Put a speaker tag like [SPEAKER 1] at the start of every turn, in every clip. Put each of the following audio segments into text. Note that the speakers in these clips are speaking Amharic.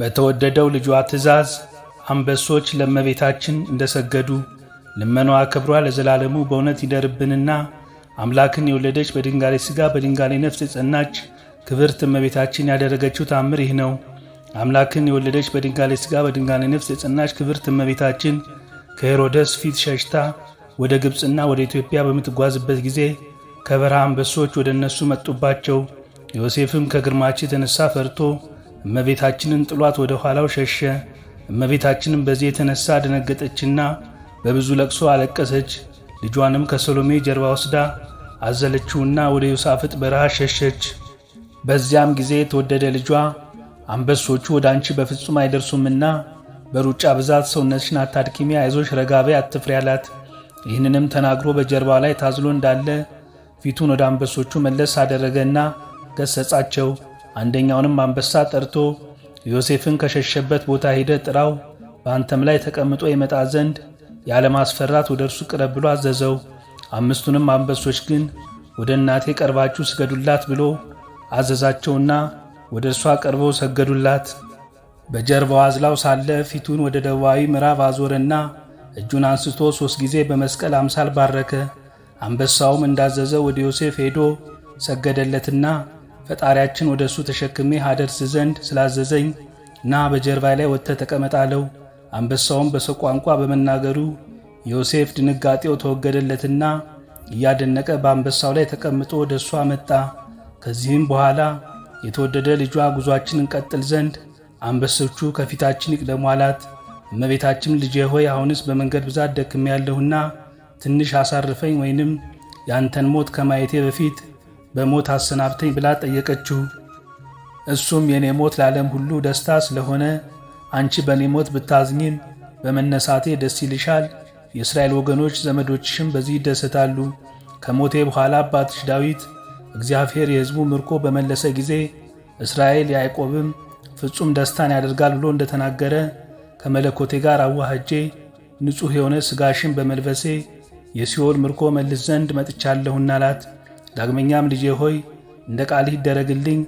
[SPEAKER 1] በተወደደው ልጇ ትእዛዝ አንበሶች ለመቤታችን እንደ ሰገዱ ልመኗ ክብሯ ለዘላለሙ በእውነት ይደርብንና አምላክን የወለደች በድንጋሌ ሥጋ በድንጋሌ ነፍስ የጸናች ክብርት እመቤታችን ያደረገችው ታምር ይህ ነው። አምላክን የወለደች በድንጋሌ ሥጋ በድንጋሌ ነፍስ የጸናች ክብርት እመቤታችን ከሄሮደስ ፊት ሸሽታ ወደ ግብፅና ወደ ኢትዮጵያ በምትጓዝበት ጊዜ ከበረሃ አንበሶች ወደ እነሱ መጡባቸው። ዮሴፍም ከግርማች የተነሳ ፈርቶ እመቤታችንን ጥሏት ወደ ኋላው ሸሸ። እመቤታችንም በዚህ የተነሳ ደነገጠችና በብዙ ለቅሶ አለቀሰች። ልጇንም ከሰሎሜ ጀርባ ወስዳ አዘለችውና ወደ ዮሳፍጥ በረሃ ሸሸች። በዚያም ጊዜ የተወደደ ልጇ አንበሶቹ ወደ አንቺ በፍጹም አይደርሱምና በሩጫ ብዛት ሰውነትሽን አታድክሚ፣ አይዞሽ፣ ረጋቤ፣ አትፍሪ አላት። ይህንንም ተናግሮ በጀርባው ላይ ታዝሎ እንዳለ ፊቱን ወደ አንበሶቹ መለስ አደረገና ገሰጻቸው። አንደኛውንም አንበሳ ጠርቶ ዮሴፍን ከሸሸበት ቦታ ሄደ ጥራው፣ በአንተም ላይ ተቀምጦ ይመጣ ዘንድ ያለማስፈራት ወደ እርሱ ቅረብ ብሎ አዘዘው። አምስቱንም አንበሶች ግን ወደ እናቴ ቀርባችሁ ስገዱላት ብሎ አዘዛቸውና ወደ እርሷ ቀርበው ሰገዱላት። በጀርባው አዝላው ሳለ ፊቱን ወደ ደቡባዊ ምዕራብ አዞረና እጁን አንስቶ ሦስት ጊዜ በመስቀል አምሳል ባረከ። አንበሳውም እንዳዘዘ ወደ ዮሴፍ ሄዶ ሰገደለትና ፈጣሪያችን ወደ እሱ ተሸክሜ አደርስ ዘንድ ስላዘዘኝ ና በጀርባ ላይ ወጥተ ተቀመጣለው። አንበሳውም በሰው ቋንቋ በመናገሩ ዮሴፍ ድንጋጤው ተወገደለትና እያደነቀ በአንበሳው ላይ ተቀምጦ ወደ እሷ መጣ። ከዚህም በኋላ የተወደደ ልጇ ጉዟችን እንቀጥል ዘንድ አንበሶቹ ከፊታችን ይቅደሙ አላት። እመቤታችን ልጄ ሆይ አሁንስ በመንገድ ብዛት ደክሜያለሁና ትንሽ አሳርፈኝ፣ ወይንም ያንተን ሞት ከማየቴ በፊት በሞት አሰናብተኝ ብላ ጠየቀችው። እሱም የኔ ሞት ለዓለም ሁሉ ደስታ ስለሆነ አንቺ በኔ ሞት ብታዝኝም በመነሳቴ ደስ ይልሻል፣ የእስራኤል ወገኖች ዘመዶችሽም በዚህ ይደሰታሉ። ከሞቴ በኋላ አባትሽ ዳዊት እግዚአብሔር የሕዝቡ ምርኮ በመለሰ ጊዜ እስራኤል ያዕቆብም ፍጹም ደስታን ያደርጋል ብሎ እንደተናገረ ከመለኮቴ ጋር አዋህጄ ንጹሕ የሆነ ሥጋሽን በመልበሴ የሲኦል ምርኮ መልስ ዘንድ መጥቻለሁና አላት። ዳግመኛም ልጄ ሆይ እንደ ቃልህ ይደረግልኝ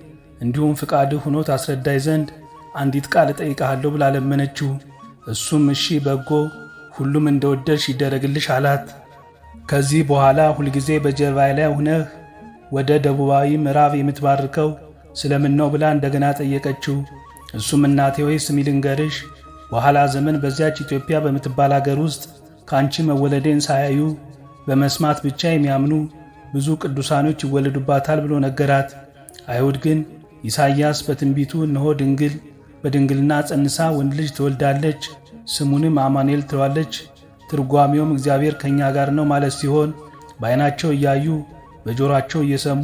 [SPEAKER 1] እንዲሁም ፍቃድህ ሆኖ ታስረዳይ ዘንድ አንዲት ቃል እጠይቀሃለሁ ብላ ለመነችው። እሱም እሺ በጎ ሁሉም እንደወደድሽ ይደረግልሽ አላት። ከዚህ በኋላ ሁልጊዜ በጀርባይ ላይ ሁነህ ወደ ደቡባዊ ምዕራብ የምትባርከው ስለምን ነው ብላ እንደገና ጠየቀችው። እሱም እናቴ ወይ ስሚ ልንገርሽ፣ በኋላ ዘመን በዚያች ኢትዮጵያ በምትባል አገር ውስጥ ከአንቺ መወለዴን ሳያዩ በመስማት ብቻ የሚያምኑ ብዙ ቅዱሳኖች ይወለዱባታል ብሎ ነገራት። አይሁድ ግን ኢሳይያስ በትንቢቱ እነሆ ድንግል በድንግልና ጸንሳ ወንድ ልጅ ትወልዳለች፣ ስሙንም አማኑኤል ትለዋለች፣ ትርጓሜውም እግዚአብሔር ከእኛ ጋር ነው ማለት ሲሆን በዓይናቸው እያዩ በጆሮአቸው እየሰሙ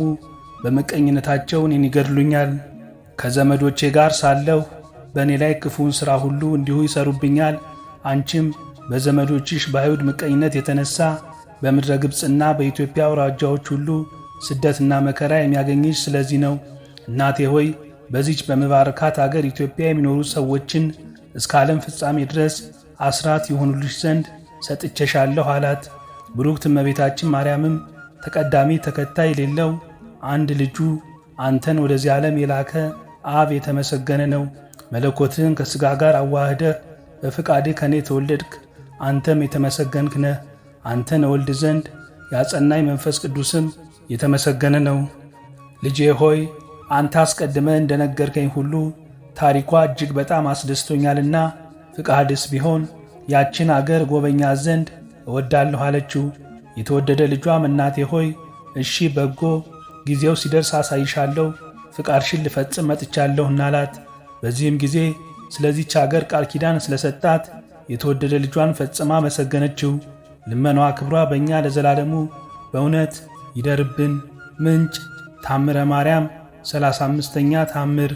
[SPEAKER 1] በምቀኝነታቸው እኔን ይገድሉኛል፣ ከዘመዶቼ ጋር ሳለሁ በእኔ ላይ ክፉን ሥራ ሁሉ እንዲሁ ይሰሩብኛል፣ አንቺም በዘመዶችሽ በአይሁድ ምቀኝነት የተነሣ በምድረ ግብፅና በኢትዮጵያ አውራጃዎች ሁሉ ስደትና መከራ የሚያገኝሽ ስለዚህ ነው። እናቴ ሆይ በዚች በመባረካት አገር ኢትዮጵያ የሚኖሩ ሰዎችን እስከ ዓለም ፍጻሜ ድረስ አስራት የሆኑልሽ ዘንድ ሰጥቼሻለሁ አላት። ብሩክት እመቤታችን ማርያምም ተቀዳሚ ተከታይ የሌለው አንድ ልጁ አንተን ወደዚህ ዓለም የላከ አብ የተመሰገነ ነው። መለኮትን ከሥጋ ጋር አዋህደህ በፈቃድህ ከእኔ ተወለድክ። አንተም የተመሰገንክ ነህ። አንተን እወልድ ዘንድ ያጸናኝ መንፈስ ቅዱስም የተመሰገነ ነው። ልጄ ሆይ አንተ አስቀድመ እንደነገርከኝ ሁሉ ታሪኳ እጅግ በጣም አስደስቶኛልና ፍቃድስ ቢሆን ያችን አገር ጎበኛ ዘንድ እወዳለሁ አለችው። የተወደደ ልጇም እናቴ ሆይ እሺ በጎ ጊዜው ሲደርስ አሳይሻለሁ፣ ፍቃድሽን ልፈጽም መጥቻለሁ እናላት። በዚህም ጊዜ ስለዚች አገር ቃል ኪዳን ስለሰጣት የተወደደ ልጇን ፈጽማ መሰገነችው። ልመናዋ ክብሯ በእኛ ለዘላለሙ በእውነት ይደርብን። ምንጭ ታምረ ማርያም 35ኛ ታምር